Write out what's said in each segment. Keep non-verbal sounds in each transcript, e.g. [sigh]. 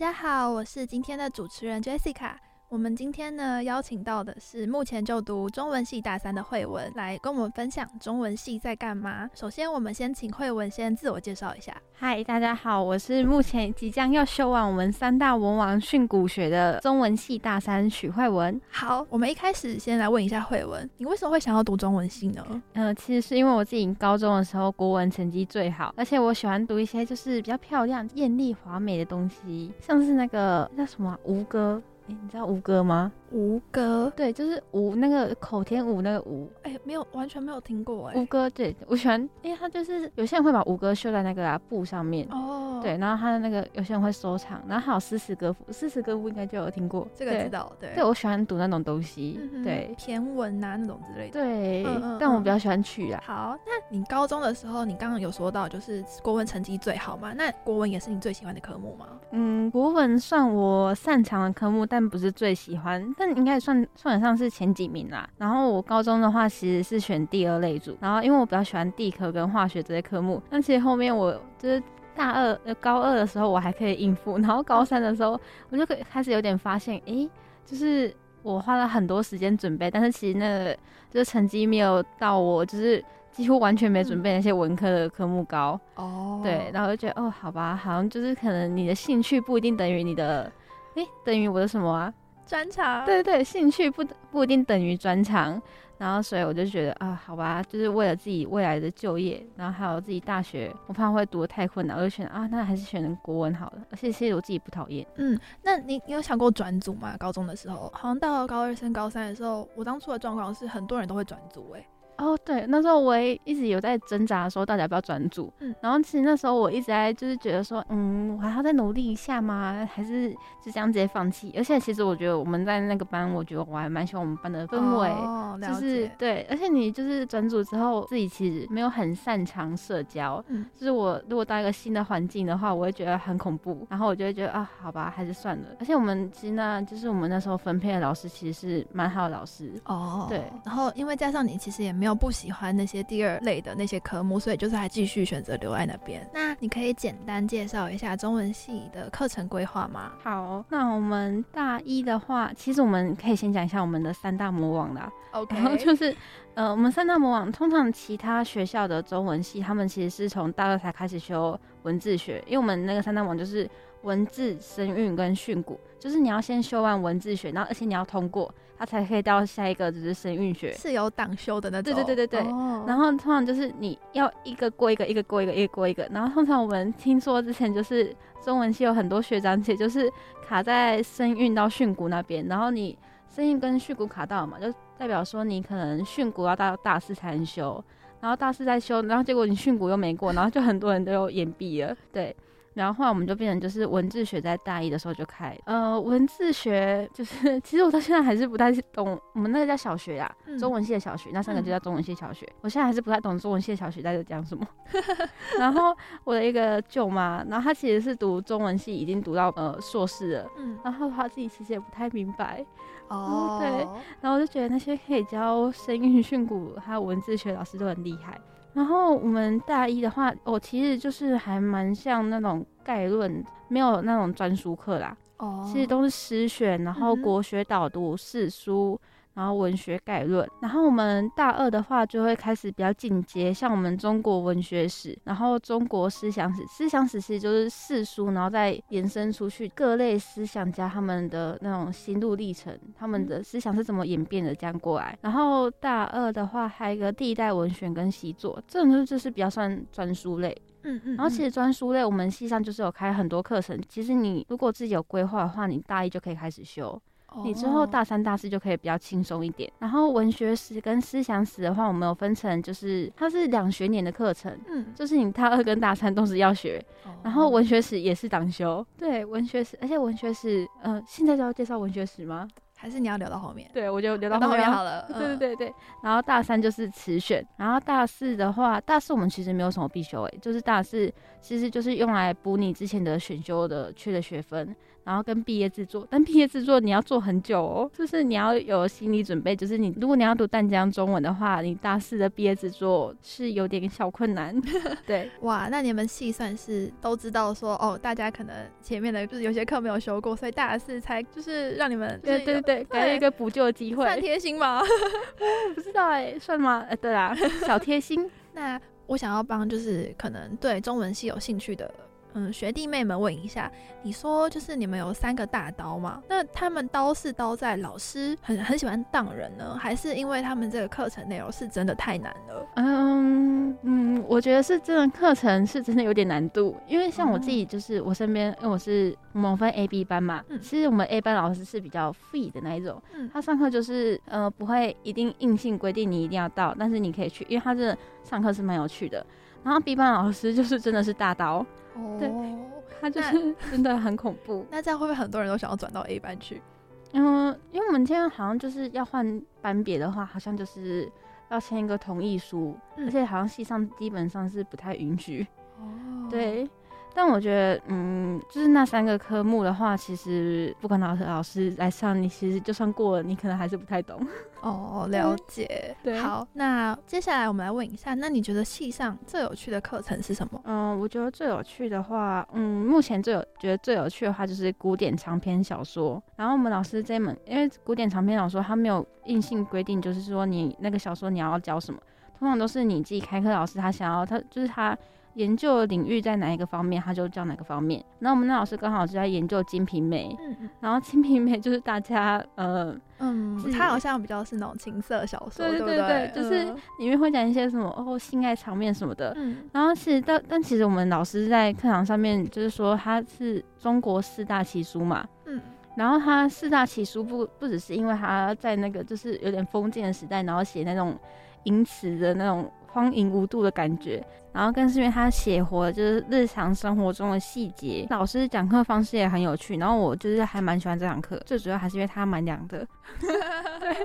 大家好，我是今天的主持人 Jessica。我們今天呢邀請到的是目前就讀中文系大三的惠雯，來跟我們分享中文系在幹嘛。首先，我們先請惠雯先自我介紹一下。嗨，大家好，我是目前即將要修完我們三大文王訓詁學的中文系大三許惠雯。好，我們一開始先來問一下惠雯，你為什麼會想要讀中文系呢？嗯、呃，其實是因為我自己高中的時候國文成績最好，而且我喜歡讀一些就是比較漂亮、艷麗、華美的東西，像是那個叫什麼吳、啊、歌。欸、你知道吳歌嗎？吳歌對，就是吳那個口天吳那個吳。哎、欸，沒有，完全沒有聽過哎、欸。吳歌對，我喜歡，哎，他就是有些人會把吳歌繡在那個、啊、布上面哦。對，然後他的那個有些人會收藏，然後還有詩詞歌賦，詩詞歌賦應該就有聽過。這個知道，對。對，我喜歡讀那種東西，嗯、對，駢文啊那種之類的。對，嗯嗯嗯，但我比較喜歡曲啊。好，那你高中的時候，你剛剛有說到就是國文成績最好嘛？那國文也是你最喜歡的科目嗎？嗯，國文算我擅長的科目，但。但不是最喜歡，但應該算算得上是前幾名啦。然後我高中的話，其實是選第二類組。然後因為我比較喜歡地科跟化學這些科目，但其實後面我就是大二呃高二的時候，我還可以應付。然後高三的時候，我就開始有點發現，哎，就是我花了很多時間準備，但是其實那個就是成績沒有到我就是幾乎完全沒準備那些文科的科目高哦。對，然後就覺得哦，好吧，好像就是可能你的興趣不一定等於你的。欸、等於我的什麼啊？專長？對對對，興趣不不一定等於專長。然後，所以我就覺得啊，好吧，就是為了自己未來的就業，然後還有自己大學，我怕我會讀得太困難，我就選啊，那還是選國文好了，而且其實我自己不討厭。嗯，那你，你有想過轉組嗎？高中的時候，好像到了高二升高三的時候，我當初的狀況是很多人都會轉組，欸。哎。哦、oh，對，那時候我也一直有在掙扎，說到底要不要轉組，嗯。然後其實那時候我一直在就是覺得說，嗯，我還要再努力一下嗎？還是就這樣直接放棄？而且其實我覺得我們在那個班，我覺得我還蠻喜歡我們班的氛圍，哦、就是對。而且你就是轉組之後，自己其實沒有很擅長社交、嗯，就是我如果到一個新的環境的話，我會覺得很恐怖。然後我就會覺得啊，好吧，還是算了。而且我們其實呢，就是我們那時候分配的老師，其實是蠻好的老師。哦，對。然後因為加上你，其實也沒有。然後不喜歡那些第二類的那些科目，所以就是還繼續選擇留在那邊。那你可以簡單介紹一下中文系的課程規劃嗎？好，那我們大一的話，其實我們可以先講一下我們的三大魔王啦。OK，然後就是呃，我們三大魔王，通常其他學校的中文系他們其實是從大二才開始修文字學，因為我們那個三大魔王就是文字、聲韻跟訓詁，就是你要先修完文字學，然後而且你要通過。他才可以到下一個，就是聲韻學是有擋修的那種。對對對對對。Oh. 然後通常就是你要一個過一個，一個過一個，一個過一個。然後通常我們聽說之前就是中文系有很多學長姐就是卡在聲韻到訓詁那邊，然後你聲韻跟訓詁卡到了嘛，就代表說你可能訓詁要到大四才能修，然後大四再修，然後結果你訓詁又沒過，然後就很多人都有延畢了， [laughs] 對。然後後來我們就變成就是文字學，在大一的時候就開，呃，文字學就是其實我到現在還是不太懂，我們那個叫小學呀、嗯，中文系的小學，那三個就叫中文系小學，嗯、我現在還是不太懂中文系的小學在講什麼。 [laughs] 然後我的一個舅媽，然後她其實是讀中文系，已經讀到呃碩士了，嗯，然後她自己其實也不太明白，哦，對，然後我就覺得那些可以教聲韻訓詁，還有文字學老師都很厲害。然後我們大一的話，我、哦、其實就是還蠻像那種概論，沒有那種專書課啦。哦，其實都是詩選，然後國學導讀、四、嗯、書。然後文學概論，然後我們大二的話就會開始比較進階，像我們中國文學史，然後中國思想史，思想史其實就是四書，然後再延伸出去各類思想家他們的那種心路歷程，他們的思想是怎麼演變的這樣過來。然後大二的話還有一個第一代文選跟習作，這種就是比較算專書類，嗯嗯，嗯。然後其實專書類我們系上就是有開很多課程，其實你如果自己有規劃的話，你大一就可以開始修。你之後大三大四就可以比較輕鬆一點。然後文學史跟思想史的話，我們有分成，就是它是兩學年的課程，嗯，就是你大二跟大三都是要學。然後文學史也是擋修，對，文學史，而且文學史，嗯，現在就要介紹文學史嗎？還是你要留到後面？對，我就留到，到後面好了。 [laughs] 對對對對。然後大三就是詞選，然後大四的話，大四我們其實沒有什麼必修誒、欸，就是大四其實就是用來補你之前的選修的缺的學分。然後跟畢業制作，但畢業制作你要做很久哦，就是你要有心理準備。就是你，如果你要讀淡江中文的話，你大四的畢業制作是有點小困難。對，哇，那你們系算是都知道說哦，大家可能前面的就是有些課沒有修過，所以大四才就是讓你們有，對對對對，給了一個補救機會，算貼心嗎？ [laughs] 不知道哎，算嗎？哎，對啊，小貼心。 [laughs] 那我想要幫，就是可能對中文系有興趣的。嗯，學弟妹們問一下，你說就是你們有三個大刀嘛？那他們刀是刀在老師很很喜歡當人呢，還是因為他們這個課程內容是真的太難了？嗯嗯，我覺得是這門課程是真的有點難度，因為像我自己就是我身邊，因為我是我們分 A B 班嘛，其實我們 A 班老師是比較 free 的那一種，他上課就是呃不會一定硬性規定你一定要到，但是你可以去，因為他這上課是蠻有趣的。然後 B 班老師就是真的是大刀。哦、對，他就是 [laughs] 真的很恐怖。那這樣會不會很多人都想要轉到 A 班去？嗯、呃，因為我們現在好像就是要換班別的話，好像就是要簽一個同意書，嗯、而且好像系上基本上是不太允許。哦，對。但我覺得，嗯，就是那三個科目的話，其實不管老師老師來上，你其實就算過了，你可能還是不太懂。哦，了解。 [laughs] 對。好，那接下來我們來問一下，那你覺得系上最有趣的課程是什麼？嗯，我覺得最有趣的話，嗯，目前最有覺得最有趣的話就是古典長篇小說。然後我們老師這一門，因為古典長篇小說它沒有硬性規定，就是說你那個小說你要教什麼，通常都是你自己開課老師他想要他，他就是他，研究領域在哪一個方面，他就教哪個方面。那我們那老師剛好就在研究《金瓶梅》，嗯，然後《金瓶梅》就是大家嗯、呃、嗯，他好像比較是那種情色小說，對對對、對、嗯，就是裡面會講一些什麼哦性愛場面什麼的。嗯、然後其實但但其實我們老師在課堂上面就是說，他是中國四大奇書嘛，嗯，然後他四大奇書不不只是因為他在那個就是有點封建的時代，然後寫那種淫詞的那種。荒淫無度的感覺，然後更是因為他寫活了，就是日常生活中的細節。老師講課方式也很有趣，然後我就是還蠻喜歡這堂課，最主要還是因為他蠻涼的。 [laughs] [laughs] 對，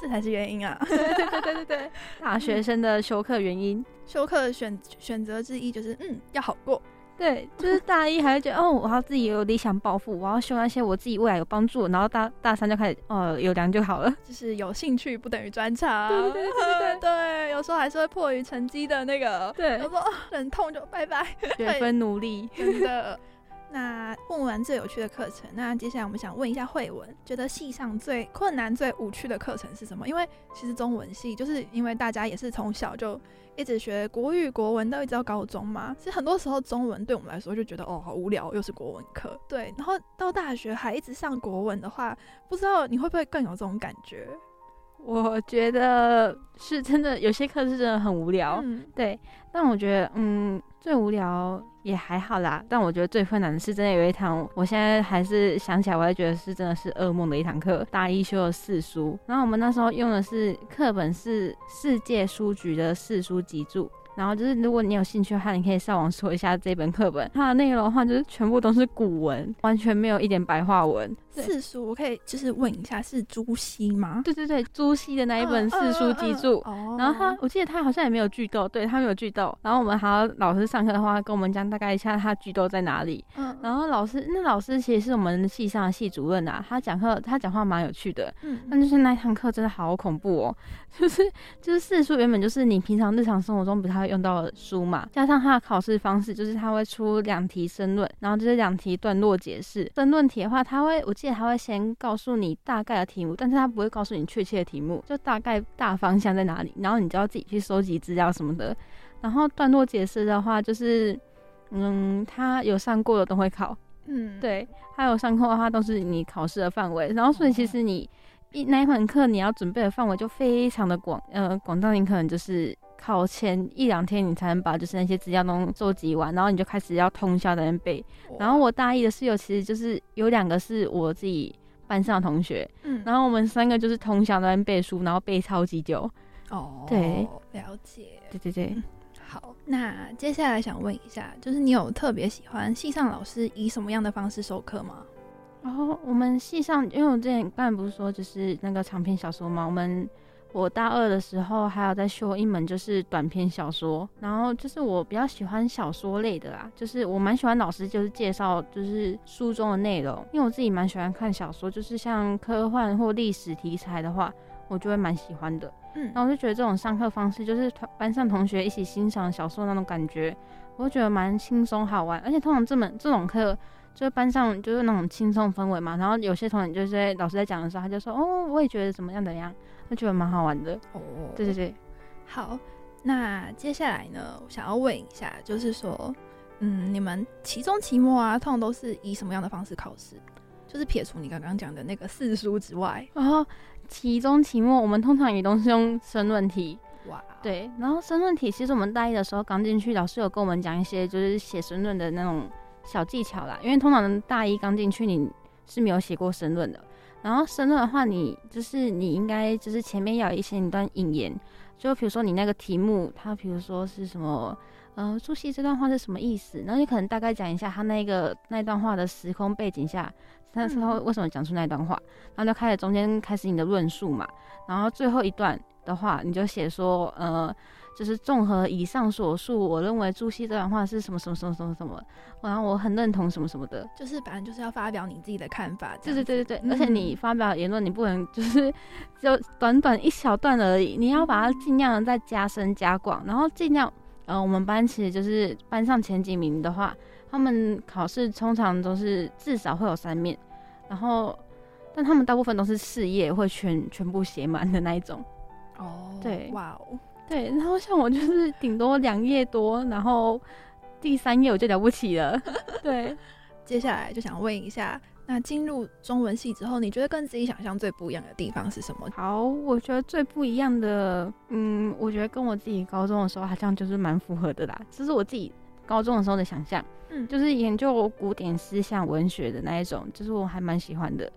這才是原因啊！ [laughs] [laughs] 對，對對對對對，大學生的修課原因，修課的選選擇之一就是嗯要好過。對，就是大一還是覺得 [laughs] 哦，我要自己有理想抱負，我要修那些我自己未來有幫助，然後大大三就開始呃有量就好了。就是有興趣不等於專長， [laughs] 對對對對， [laughs] 有時候還是會迫於成績的那個，對，有時候忍痛就拜拜，學分努力真的。 [laughs] 那問完最有趣的課程，那接下來我們想問一下惠雯，覺得系上最困難、最無趣的課程是什麼？因為其實中文系就是因為大家也是從小就一直學國語、國文，都一直到高中嘛。其實很多時候中文對我們來說就覺得哦，好無聊，又是國文課。對，然後到大學還一直上國文的話，不知道你會不會更有這種感覺？我覺得是真的，有些課是真的很無聊，嗯，對。但我覺得，嗯，最無聊也還好啦。但我覺得最困難的是真的有一堂，我現在還是想起來，我還覺得是真的是噩夢的一堂課——大一修了四書。然後我們那時候用的是課本是世界書局的《四書集注》。然後就是如果你有興趣的話，你可以上網搜一下這本課本，它的內容的話就是全部都是古文，完全沒有一點白話文。四書我可以就是問一下，是朱熹嗎？對對對，朱熹的那一本《四書集注》uh,。Uh, uh, uh, uh. 然後他，我記得他好像也沒有句讀，對他沒有句讀。然後我們還要老師上課的話，跟我們講大概一下他句讀在哪裡。嗯、uh.。然後老師，那老師其實是我們系上的系主任啊，他講課他講話蠻有趣的。嗯。但就是那一堂課真的好恐怖哦，就是就是四書原本就是你平常日常生活中不太會用到的書嘛，加上他的考試方式就是他會出兩題申論，然後就是兩題段落解釋。申論題的話，他會我記得。他會先告訴你大概的題目，但是他不會告訴你確切的題目，就大概大方向在哪裡，然後你就要自己去收集資料什麼的。然後段落解釋的話，就是，嗯，他有上過的都會考，嗯，對，他有上課的話都是你考試的範圍。然後所以其實你、嗯、一哪一堂課你要準備的範圍就非常的廣，呃，廣到你可能就是。考前一兩天，你才能把就是那些資料東西收集完，然後你就開始要通宵在那背、哦。然後我大一的室友其實就是有兩個是我自己班上的同學，嗯，然後我們三個就是通宵在那背書，然後背超級久。哦，對，了解。對對對，嗯、好。那接下來想問一下，就是你有特別喜歡系上老師以什麼樣的方式授課嗎？然、哦、後我們系上，因為我之前剛才不是說就是那個長篇小說嘛，我們。我大二的時候，還有在修一門就是短篇小說，然後就是我比較喜歡小說類的啦，就是我蠻喜歡老師就是介紹就是書中的內容，因為我自己蠻喜歡看小說，就是像科幻或歷史題材的話，我就會蠻喜歡的。嗯，然後我就覺得這種上課方式，就是班上同學一起欣賞小說那種感覺，我就覺得蠻輕鬆好玩，而且通常這門這種課就是班上就是那種輕鬆氛圍嘛，然後有些同學就是老師在講的時候，他就說哦，我也覺得怎麼樣怎麼樣。那覺得蠻好玩的哦，oh, 對對對，好，那接下來呢，我想要問一下，就是說，嗯，你們期中、期末啊，通常都是以什麼樣的方式考試？就是撇除你剛剛講的那個四書之外，然後期中、期末，我們通常也都是用申論題，哇、wow，對，然後申論題，其實我們大一的時候剛進去，老師有跟我們講一些就是寫申論的那種小技巧啦，因為通常大一剛進去你是沒有寫過申論的。然後申論的話，你就是你應該就是前面要一些一段引言，就比如說你那個題目，它比如說是什麼，呃，朱熹這段話是什麼意思？然後你可能大概講一下他那個那段話的時空背景下，但是它為什麼講出那段話、嗯，然後就開始中間開始你的論述嘛。然後最後一段的話，你就寫說，呃。就是綜合以上所述，我認為朱熹這段話是什麼什麼什麼什麼什麼，然後我很認同什麼什麼的。就是反正就是要發表你自己的看法。對對對對對、嗯。而且你發表言論，你不能就是就短短一小段而已，你要把它盡量再加深加廣。然後盡量，嗯，我們班其實就是班上前幾名的話，他們考試通常都是至少會有三面，然後但他們大部分都是四頁會全全部寫滿的那一種。哦，對，哇哦。對，然後像我就是頂多兩頁多，然後第三頁我就了不起了。對， [laughs] 接下來就想問一下，那進入中文系之後，你覺得跟自己想象最不一樣的地方是什麼？好，我覺得最不一樣的，嗯，我覺得跟我自己高中的時候好像就是蠻符合的啦。這是就是我自己高中的時候的想象，嗯，就是研究古典思想文學的那一種，就是我還蠻喜歡的。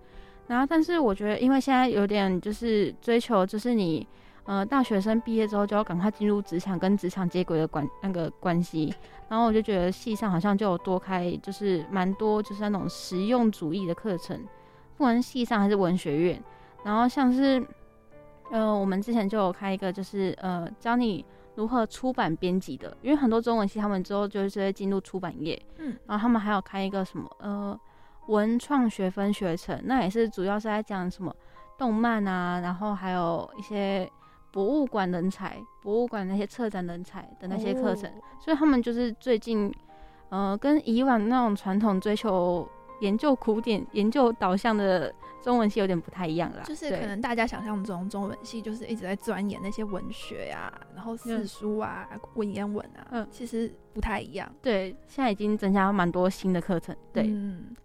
然後，但是我覺得，因為現在有點就是追求，就是你。呃，大學生畢業之後就要趕快進入職場，跟職場接軌的關那個關係。然後我就覺得系上好像就有多開，就是蠻多就是那種實用主義的課程，不管是系上還是文學院。然後像是呃，我們之前就有開一個就是呃，教你如何出版編輯的，因為很多中文系他們之後就是會進入出版業。嗯。然後他們還有開一個什麼呃，文創學分學程，那也是主要是在講什麼動漫啊，然後還有一些。博物館人才，博物館那些策展人才的那些課程。哦，所以他們就是最近，呃，跟以往那種傳統追求研究古典、研究導向的中文系有點不太一樣啦。就是可能大家想象中中文系就是一直在鑽研那些文學啊，然後四書啊、文言文啊，嗯，其實不太一樣。對，現在已經增加了蠻多新的課程。對。嗯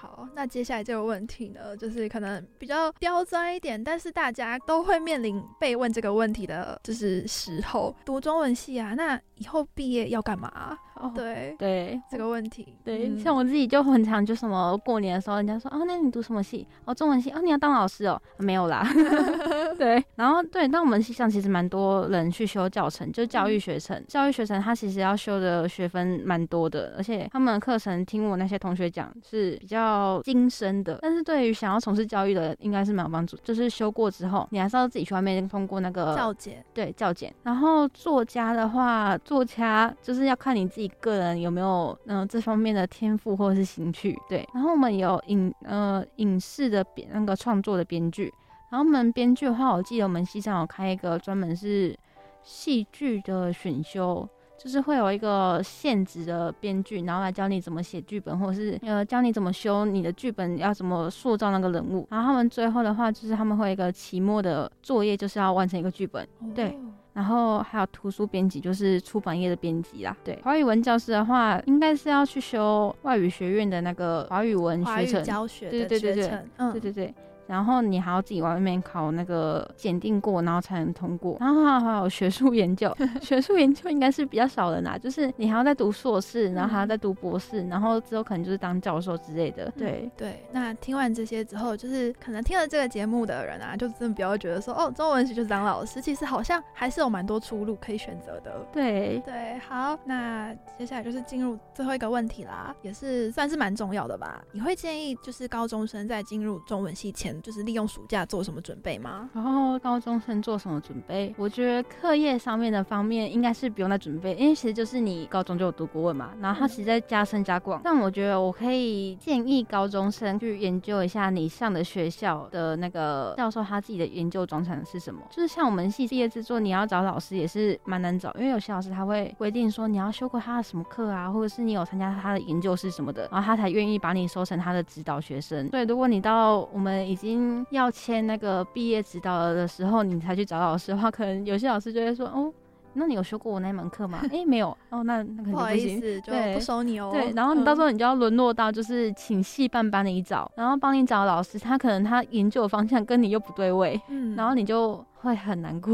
好，那接下來這個問題呢，就是可能比較刁鑽一點，但是大家都會面臨被問這個問題的，就是時候，讀中文系啊，那以後畢業要幹嘛？哦、對對這個問題，對、嗯、像我自己就很常就什麼過年的時候，人家說、嗯、哦，那你讀什麼系哦，中文系哦，你要當老師哦，啊、沒有啦。 [laughs] [laughs] 對，然後對，那我們系上其實蠻多人去修教程，就教育學程、嗯，教育學程他其實要修的學分蠻多的，而且他們的課程聽我那些同學講是比較精深的，但是對於想要從事教育的應該是蠻有幫助，就是修過之後，你還是要自己去外面通過那個教檢，對教檢。然後作家的話，作家就是要看你自己。個人有沒有嗯、呃、這方面的天賦或者是興趣？對，然後我們有影呃影視的編那個創作的編劇，然後我們編劇的話，我記得我們系上有開一個專門是戲劇的選修，就是會有一個現職的編劇，然後來教你怎麼寫劇本，或者是呃教你怎麼修你的劇本，要怎麼塑造那個人物。然後他們最後的話，就是他們會一個期末的作業，就是要完成一個劇本，對。然後還有圖書編輯，就是出版業的編輯啦。對，華語文教師的話，應該是要去修外語學院的那個華語文學程，教學學程，對對對對對。嗯對對對然後你還要自己往外面考那個檢定過，然後才能通過。然後還有學術研究， [laughs] 學術研究應該是比較少的啦，就是你還要再讀碩士，然後還要再讀博士，然後之後可能就是當教授之類的、嗯。對對，那聽完這些之後，就是可能聽了這個節目的人啊，就真的不要覺得說，哦，中文系就是當老師，其實好像還是有蠻多出路可以選擇的。對對，好，那接下來就是進入最後一個問題啦，也是算是蠻重要的吧？你會建議就是高中生在進入中文系前？就是利用暑假做什麼準備嗎？然後高中生做什麼準備？我覺得課業上面的方面應該是不用再準備，因為其實就是你高中就有讀過國文嘛，然後他其實在加深加廣。但我覺得我可以建議高中生去研究一下你上的學校的那個教授他自己的研究專長是什麼。就是像我們系畢業制作，你要找老師也是蠻難找，因為有些老師他會規定說你要修過他的什麼課啊，或者是你有參加他的研究室什麼的，然後他才願意把你收成他的指導學生。所以如果你到我們已經。已經要簽那個畢業指導的時候，你才去找老師的話，可能有些老師就會說：“哦，那你有修過我那門課嗎？”哎、 [laughs] 欸，沒有。哦，那那肯定不行。不好意思，就不收你哦。對，然後你到時候你就要淪落到就是，嗯就是，請系辦班的你找，然後幫你找老師，他可能他研究的方向跟你又不對位，嗯、然後你就。會很難過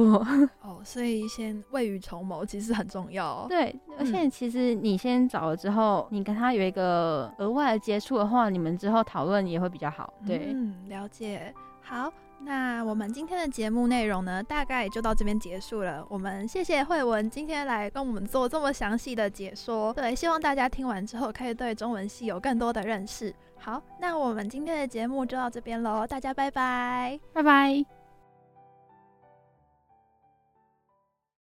哦，所以先未雨綢繆其實很重要，哦。 [laughs] 對，而且其實你先找了之後，嗯、你跟他有一個額外的接觸的話，你們之後討論也會比較好。對，嗯，了解。好，那我們今天的節目內容呢，大概就到這邊結束了。我們謝謝惠雯今天來跟我們做這麼詳細的解說。對，希望大家聽完之後可以對中文系有更多的認識。好，那我們今天的節目就到這邊嘍，大家拜拜，拜拜。